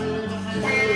Hallelujah.